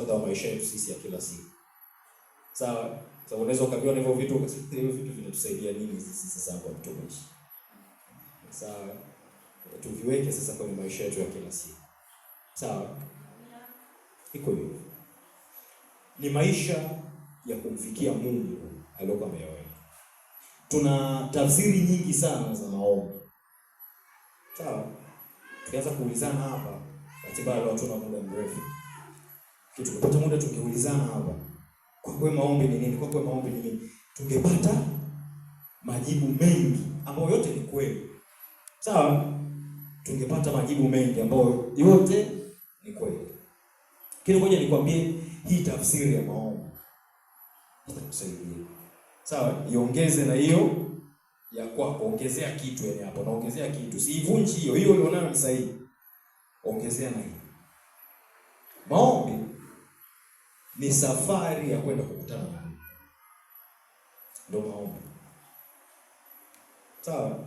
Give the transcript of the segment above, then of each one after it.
hata maisha yetu sisi ya kila siku. Sawa? Sasa unaweza ukaviona hivyo vitu ukasema hivyo vitu vinatusaidia nini sisi sasa hapo mtumishi. Sawa? Tuviweke sasa kwenye maisha yetu ya kila siku. Sawa? Iko hivyo. Ni maisha ya kumfikia Mungu aliyokuwa ameyaweka. Tuna tafsiri nyingi sana za maombi. Sawa? Tukianza kuulizana hapa, ratiba ya watu na muda mrefu tukipata muda tungeulizana hapa, kwa kweli maombi ni nini? Kwa kweli maombi ni nini? Tungepata majibu mengi ambayo yote ni kweli, sawa? Tungepata majibu mengi ambayo yote ni kweli. Kile moja nikwambie, hii tafsiri ya maombi itakusaidia, sawa? Iongeze na hiyo ya kwako, ongezea kitu, yaani hapo naongezea kitu, siivunji hiyo hiyo ulionayo, ni sahihi, ongezea na hiyo ni safari ya kwenda kukutana na Mungu. Ndio maombi. Sawa?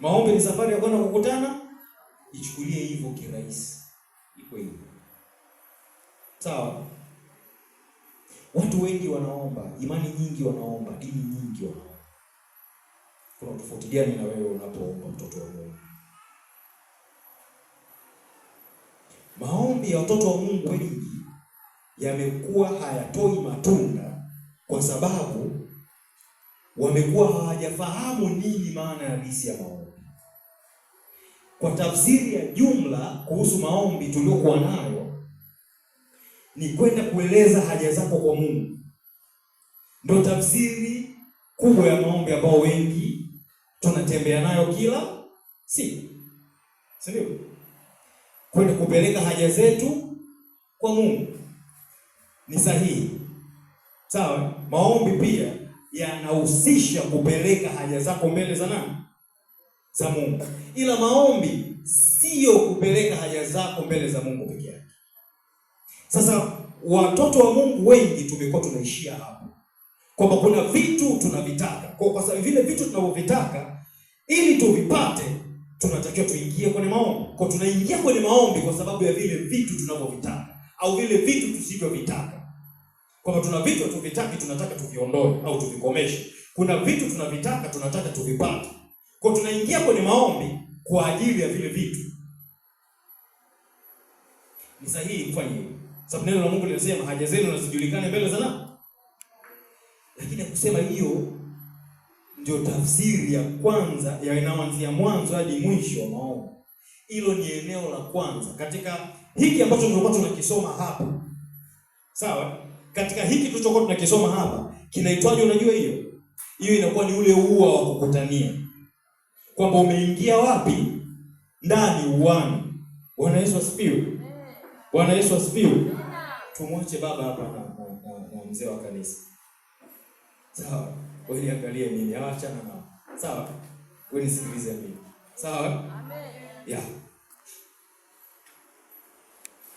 Maombi ni safari ya kwenda kukutana, ichukulie hivyo kirahisi. Iko hivyo. Sawa? Watu wengi wanaomba, imani nyingi wanaomba, dini nyingi wanaomba. Kuna tofauti gani na wewe unapoomba mtoto wa Mungu? Maombi ya watoto wa Mungu wengi yamekuwa hayatoi matunda kwa sababu wamekuwa hawajafahamu nini maana halisi ya maombi. Kwa tafsiri ya jumla kuhusu maombi tuliokuwa nayo ni kwenda kueleza haja zako kwa Mungu, ndio tafsiri kubwa ya maombi ambao wengi tunatembea nayo kila siku, si ndio? Kwenda kupeleka haja zetu kwa Mungu ni sahihi. Sawa, maombi pia yanahusisha kupeleka haja zako mbele za nani? Za Mungu. Ila maombi sio kupeleka haja zako mbele za Mungu peke yake. Sasa watoto wa Mungu wengi tumekuwa tunaishia hapo kwamba kuna vitu tunavitaka, kwa kwa sababu vile vitu tunavyovitaka ili tuvipate tunatakiwa tuingie kwenye maombi, kwa tunaingia kwenye maombi kwa sababu ya vile vitu tunavyovitaka au vile vitu tusivyovitaka, kwamba tuna vitu hatuvitaki, tunataka tuviondoe au tuvikomeshe. Kuna vitu tunavitaka, tunataka tuvipate. Kwa tunaingia kwenye maombi kwa ajili ya vile vitu. Ni sahihi kufanya hivyo, sababu neno la Mungu linasema haja zenu nazijulikane mbele za nani. Lakini akusema hiyo ndio tafsiri ya kwanza inaanzia mwanzo hadi mwisho wa maombi. Hilo ni eneo la kwanza katika hiki ambacho tulikuwa tunakisoma hapa, sawa, katika hiki tulichokuwa tunakisoma hapa kinaitwaje? Unajua hiyo hiyo inakuwa ni ule ua wa kukutania, kwamba umeingia wapi? Ndani, uwani. Bwana Yesu asifiwe. Bwana Yesu asifiwe. Tumwache baba hapa na, na, na, na mzee wa kanisa, sawa. Wewe niangalie mimi, achana sawa. Wewe nisikilize mimi, sawa, amen. Yeah.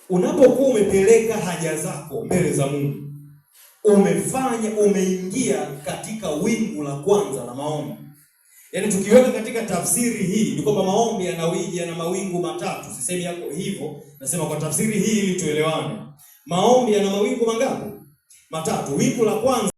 Unapokuwa umepeleka haja zako mbele za Mungu, umefanya umeingia katika wingu la kwanza la maombi. Yaani tukiweka katika tafsiri hii ni kwamba maombi wingi, yana mawingu matatu. Sisemi yako hivyo, nasema kwa tafsiri hii ili tuelewane. Maombi yana mawingu mangapi? Matatu. Wingu la kwanza